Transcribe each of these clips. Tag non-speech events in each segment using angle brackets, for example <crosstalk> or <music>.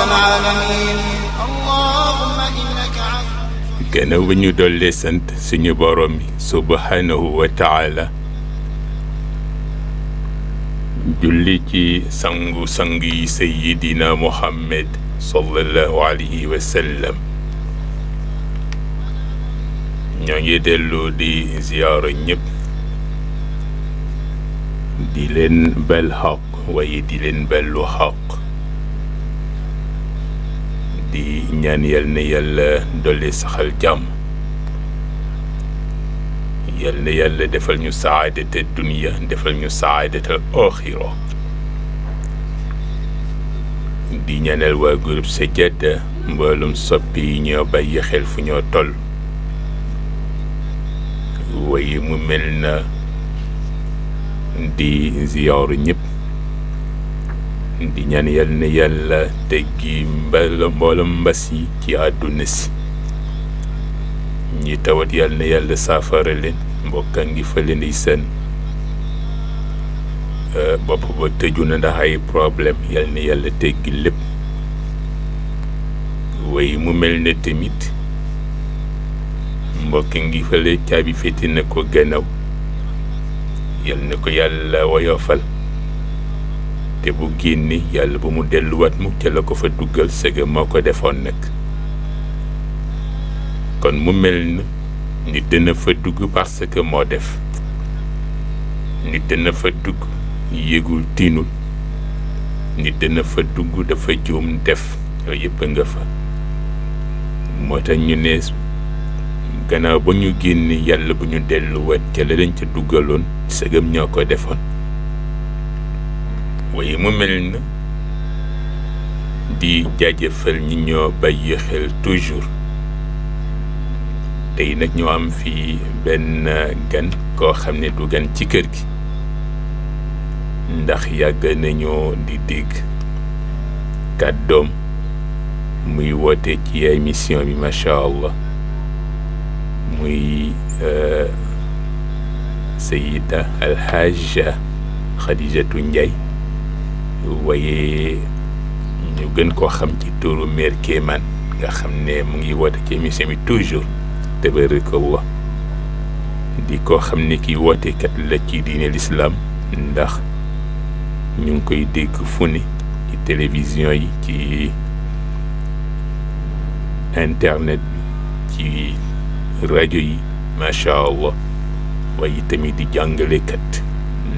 العالمين bu ñu dollee sant suñu borom bi subhanahu wa taala julli ci sangu sang yi sayidina muhammad sallallahu alayhi wa sallam ñoo ngi dellu di ziyaara ñëpp di leen bal xaq waaye di leen ballu xaq ñaan yal na yàlla dolli saxal jàmm yal na yàlla defal ñu saadate dunia defal ñu saadate oxiro di ñaanal waa groupe Sadiata mboolum soppi yi ñoo bàyyi xel fu ñoo toll waaye mu mel na di ziyaaru ñëpp di ñaan yal na yàlla teggi mbala mboolam mbas yi ci àdduna si ñi tawat yal na yàlla saafara leen mbokka ngi fële ndeysaan eh, bopp ba tëju na ndax ay problème yal na yàlla teggi lépp way mu mel ne tamit mbokk ngi fële caabi féete na ko gannaaw yal na ko yàlla woyofal te bu génne yàlla bu mu delluwaat mu ca la ko fa duggal sëga moo ko defoon nag kon mu mel na nit dina fa dugg parce que moo def nit dina fa dugg yëgul tiinul nit dina fa dugg dafa juum def yooyu yëpp nga fa moo tax ñu ne gannaaw ba ñu génn yàlla bu ñu delluwaat ca la dañ ca duggaloon sëgam ñoo ko defoon waaye mu mel na di jaajëfal ñi ñoo bàyyi xel toujours tey nag ñoo am fii benn gan koo xam ne du gan ci kër gi ndax yàgg nañoo di dégg kàddoom muy woote ci émission bi macha allah muy sayida alxaaja xadijatu Njaay waaye ñu gën koo xam ci turu mère Kéemaan nga xam ne mu ngi woote ci émission bi toujours tabarakallah di koo xam ne kii wootekat la ci diine lislaam ndax ñu ngi koy dégg fu ne ci télévision yi ci internet ci rajo yi macha allah waaye tamit di jàngalekat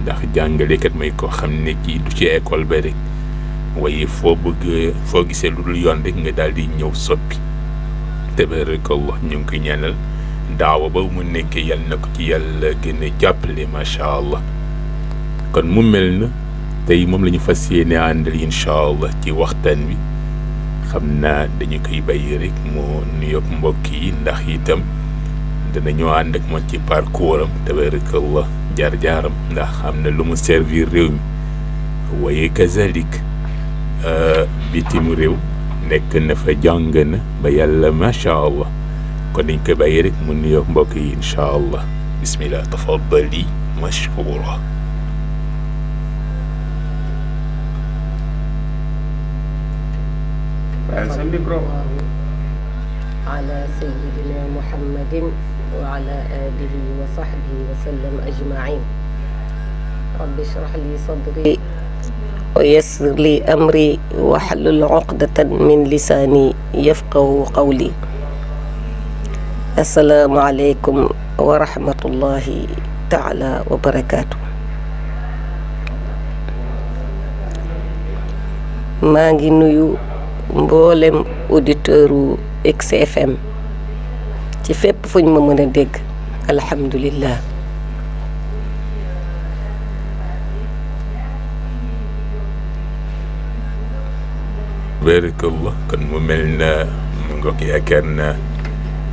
ndax jàngalekat may ko xam ne kii du ci école ba rek waaye foo bëgg foo gisee lu dul yoon rek nga daal di ñëw soppi tabarakallah ñu ngi koy ñaanal daawa ba mu nekkee yàlla na ko ci yàlla gën a jàppale macha allah kon mu mel na tey moom la ñu fas yéene àndal incha allah ci waxtaan wi xam naa dañu koy bàyyi rek mu nuyoog mbokk yi ndax itam danañoo ànd ak moom ci parcours am tabarakallah jar jaaram ndax am na lu mu servir rew mi waye kazalik euh bitim rew nek na fa jangana ba yàlla ma sha allah ko niñ ko baye rek mu nuyo mbok yi insha allah bismillah tafaddali mashkura على سيدنا محمد وعلى آله وصحبه وسلم أجمعين رب اشرح لي صدري ويسر لي أمري وحلل عقدة من لساني يفقه قولي السلام عليكم ورحمة الله تعالى وبركاته maa نيو مبولم اوديتورو اكس u XFM ci fépp fuñ ma mën a dégg alhamdulillah barakallah kon mu mel na mu ngoog yaakaar na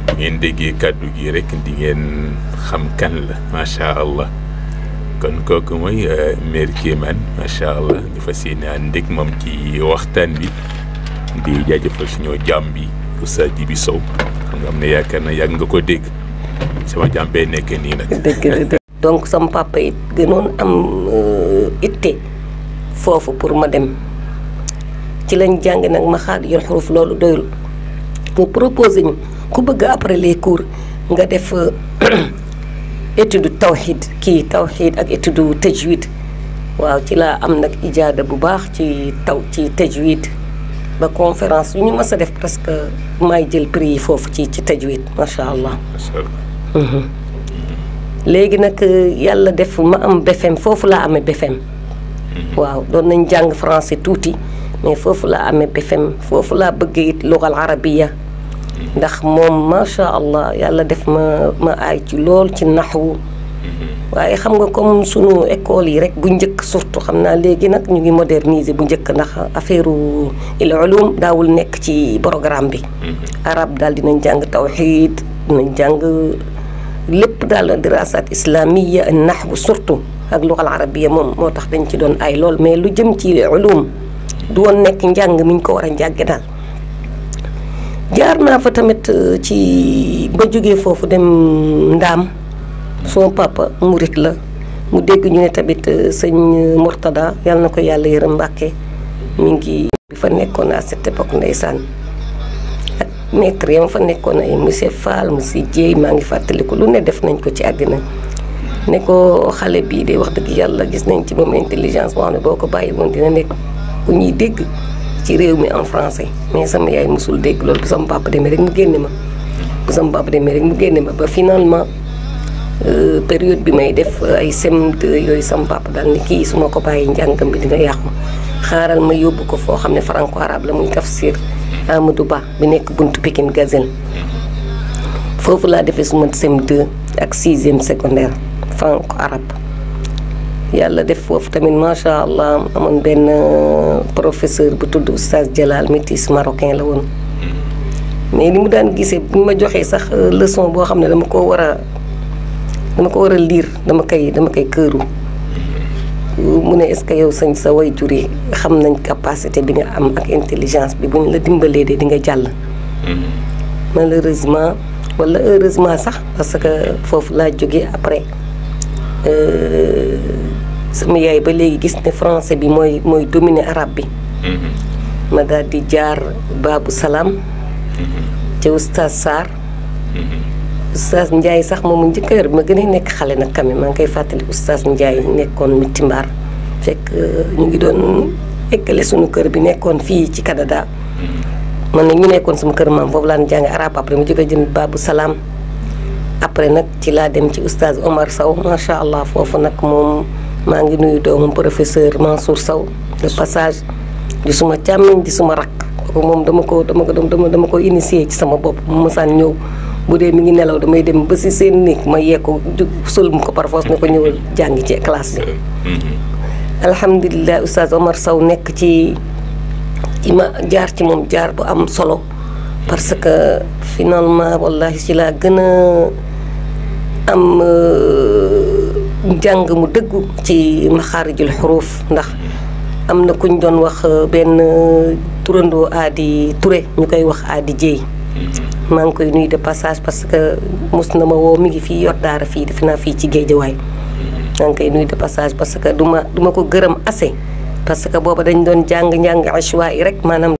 bu ngeen déggee kàddu gi rek di ngeen xam kan la macha allah kon kooku mooy euh, maire Kémane macha allah ñu fas yéene moom ci waxtaan bi di jaajëfal suñu jàmm bi Oustaz Djibi Sow am na yaakaar yàgg nga ko dégg sama jàmbee nekkee nii nag. dëgg donc sama papa it gënoon am euh, itte foofu pour ma dem ci lañ jàng nag ma xaar yoon xuruf loolu doyul mu proposé ñu ku bëgg après les cour nga def euh, <coughs> étude tawxiid kii tawxiid ak étude tajwid waaw ci laa am nag ijaada bu baax ci taw ci tajwid ba conférence ñu mësa def presque may jël prix fofu ci ci tajwid ma sha allah. légui nak yàlla def ma am BFEM fofu la amee BFEM. waaw doon nañ jàng français touti mais fofu la amee BFEM fofu la bëggee it al arabiya ndax mom ma sha allah yàlla def ma ma ay ci lool ci nahwu waye xam nga comme sunu école yi rek bu ñëk surtout xamna légui nak ñu ngi moderniser bu ñëk nak affaireu il ulum dawul nek ci programme bi mm-hmm. arab dal dinañ tauhid tawhid dinañ jang lepp dal dirasat an nahwu surtout ak lugha arabia moom moo tax dañ ci doon ay lool mais lu jëm ci ulum du won nek jang miñ ko wara jagge dal jaar na fa tamit euh, ci ba joggé fofu dem ndam suma papa murit la mu dégg ñu ne tamit euh, sëñ euh, Mourtada yàlla na ko yàlla yërëm Mbàkke mu ngi bi fa nekkoon à cette époque ndeysaan ak maître ya fa nekkoon ay monsieur mu si Dieye maa ngi fàttaliku lu ne def nañ ko ci àddina ne ko xale bii de wax dëgg yàlla gis nañ ci moom intelligence boo xam ne boo ko bàyyi woon dina nekk ku ñuy dégg ci réew mi en français mais sama yaay mosul dégg loolu bu sama papa demee rek mu génn ma bu sama papa demee rek mu génne Euh, période bi may def euh, ay CM2 yooyu sama papa daal ni kii su ma ko bàyyi njàngam bi dina yàqu xaaral ma yóbbu ko foo xam ne franco arabe la muy tafsir du baax bi nekk buntu Pikine Gazelle foofu laa defee suma CM2 ak sixième secondaire franco arabe yàlla def foofu tamit macha allah amoon benn euh, professeur bu tudd oustaz Jalal métis marocain la woon hmm. mais ni mu daan gisee bu ma joxee sax leçon boo xam ne dama ko war dama ko wara a dama kay dama kay keuru mu ne est-ce yow seigne sa way juri xam nañ capacité bi nga am ak intelligence bi buñ la dimbalé dé di nga jall malheureusement wala heureusement sax parce que fofu la jogué après sama yaay ba légui gis né français bi moy moy dominer arab bi hmm. ma dal di jaar baabu salaam ci hmm. oustad sar hmm oustaz Ndiaye sax moomu njëkkër ma gën nek nekk nak nag ma même maa ngi koy fàttali oustaz Ndiaye nekkon mitti fekk euh, ñu ngi doon ekkale suñu kër bi nekkon fi ci Canada mm-hmm. man nag ñu nekkon suñu kër maam fofu laan jàng arab après mu jëgë jënd babu salam après nak ci la dem ci oustaz Omar Sow sha allah fofu nak mom, ma ngi nuyu doomu professeur Mansour Sow le passage di suma càmmiñ di suma rak ko mom dama ko dama ko dama ko initier ci sama bop mu ñew Bude mi ngi nelaw damay dem ba ci seen nek ma yee ko sulum ko par force nako ko jang ci classe bi mm-hmm. alhamdullilah oustaz Omar saw nek ci ima jaar ci mom jaar bu am solo parce que finalement wallahi ci la gëna am eh, jang mu dëggu ci makharijul huruf ndax am kuñ doon wax eh, benn eh, turandoo aadi ture ñu wah wax aadi jéey maa ngi koy nuyu de passage parce que mos na ma woo mi ngi fii yor daara fii defe naa fii ci géejawaay maa ngi koy nuyu de passage parce que du ma du ma ko gërëm assez parce que booba dañ doon jàng njàng ashwa yi rek maanaam